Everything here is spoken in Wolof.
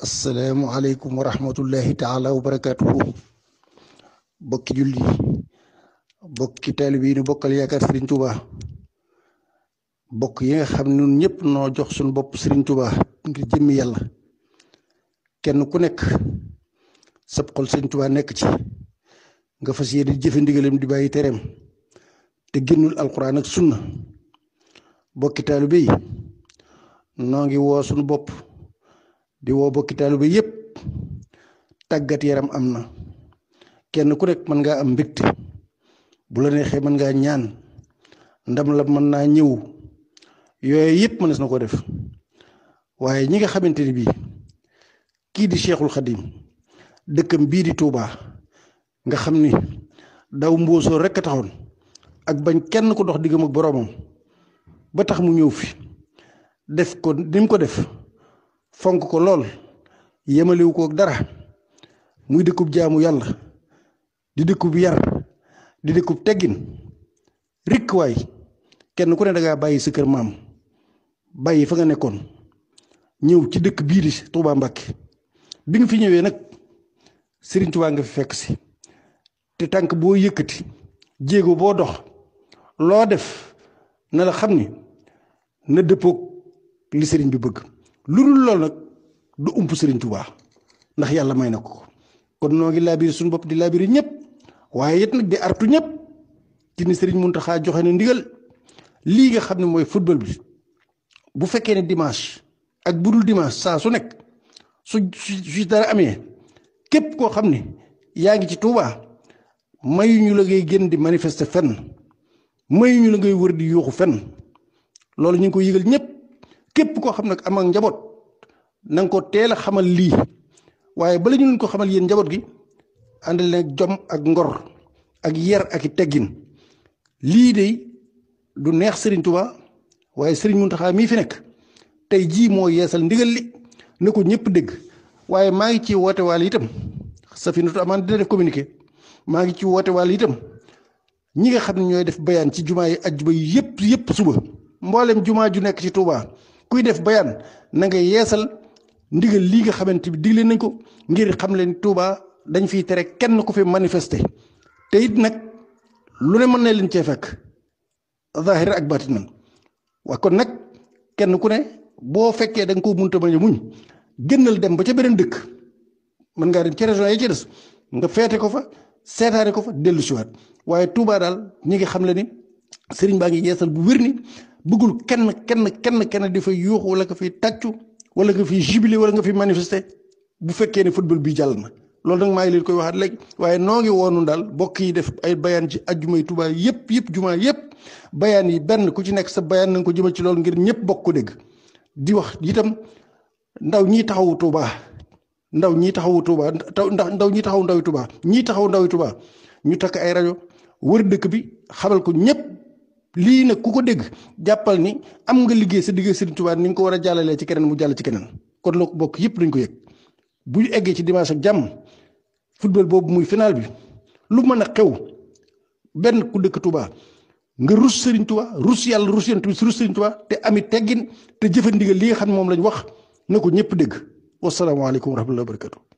asalaamualeykum wa rahmatullahi taala wa barakatuhu bokki julli bokki taalibe yi nu bokkal yaakaar Serigne Touba bokk yi nga xam ne ñun ñëpp noo jox suñu bopp Serigne Touba ngir jëmmi yàlla kenn ku nekk sab xol Serigne Touba nekk ci nga fas yéene di jëfe ndigalam di bàyyi tereem te génnul alquran ak sunna bokki taalibe yi noo ngi woo sunu bopp di woo bokki taalibe bi yépp tàggat yaram am na kenn ku nekk mën ngaa am mbégte bu la neexee mën ngaa ñaan ndam la mën naa ñëw yooyu yëpp mënees na ko def waaye ñi nga xamante ni bii kii di Cheikhul Khadim dëkkam bii di tuubaa nga xam ni daw mboosoo rekk a taxoon ak bañ kenn ko dox diggam ak boroomam ba tax mu ñëw fi def ko ni mu ko def fonk ko lool yemaliwu kook dara muy dëkkub jaamu yàlla di dëkkub yar di dëkkub teggin rikk waay kenn ku ne dangaa bàyyi sa kër maam bàyyi fa nga nekkoon ñëw ci dëkk bii di Touba Mbacké bi nga fi ñëwee nag Serigne Touba nga fi fekk si te tànk boo yëkkati jéego boo dox loo def na la xam ni na dëppoog li sëriñ bi bëgg lu dul loolu nag du ump Sëriñ Tuubaa ndax yàlla may na ko kon noo ngi laabiri suñu bopp di laabiri ñëpp waaye yët nag di artu ñëpp ci ni Sëriñ Muntaxa joxe na ndigal lii nga xam ne mooy football bi bu fekkee ne dimanche ak bu dul dimanche saa su nekk su su dara amee képp koo xam ne yaa ngi ci Tuubaa mayuñu la ngay génn di manifester fenn mayuñu la ngay wër di yuuxu fen loolu ñu ngi koy yëgal ñëpp. képp koo xam nag am njaboot na nga ko teel a xamal lii waaye bala ñu ko xamal yéen njaboot gi àndal nag jom ak ngor ak yer ak i teggin lii de du neex Serigne Touba waaye Serigne Mountakha mii fi nekk tey jii moo yeesal ndigal li na ko ñëpp dégg waaye maa ngi ci woote waal itam Safinatu Amaan dina def communiqué maa ngi ci woote waal itam ñi nga xam ne ñooy def bayaan ci jumaa yi ajjuma yëpp yëpp suba mboolem jumaa ju nekk ci Touba. kuy def bayaan na nga yeesal ndigal lii nga xamante bi digle nañ ko ngir xam leen Touba dañ fii tere kenn ku fi manifester te it nag lu ne mën na leen cee fekk zahir ak batinan waa kon nag kenn ku ne boo fekkee danga nga koo munta bañ a muñ génnal dem ba ca beneen dëkk mën ngaa dem ci région yi ci nga feete ko fa seetaane ko fa dellu siwaat waaye Touba daal ñi ngi xam le ni sëriñ baa ngi yeesal bu wér ni bëggul kenn kenn kenn kenn di fa yuux wala nga fiy tàccu wala nga fiy jubile wala nga fiy manifester bu fekkee ne football bi jàll na loolu nag maa ngi leen koy waxaat léegi waaye noo ngi woonu daal bokk yi def ay bayaan ci ajjuma yi Tuubaa yëpp yëpp jumaa yëpp bayaan yi benn ku ci nekk sa bayaan na ko jëmal ci loolu ngir ñëpp bokk ko dégg di wax itam ndaw ñii taxawu Tuubaa ndaw ñii taxawu Tuubaa ndax ndaw ñii taxaw ndawi Tuubaa ñii taxaw ndawi Tuubaa ñu takk ay rajo wër dëkk bi xamal ko ñëpp lii nag ku ko dégg jàppal ni am nga liggéey sa liggéey Serigne Touba ni nga ko war a jàllale ci keneen mu jàll ci keneen kon loo ko bokk yëpp dañ ko yëg bu eggee ci dimanche jàmm football boobu muy final bi lu mën a xew benn ku dëkk Touba nga rus Serigne Touba rus yàlla rus yonent bi rus Serigne Touba te ami teggin te jëfandigal li xam ne moom lañ wax ne ko ñëpp dégg wasalaamaaleykum wa rahmatulah wa barakatu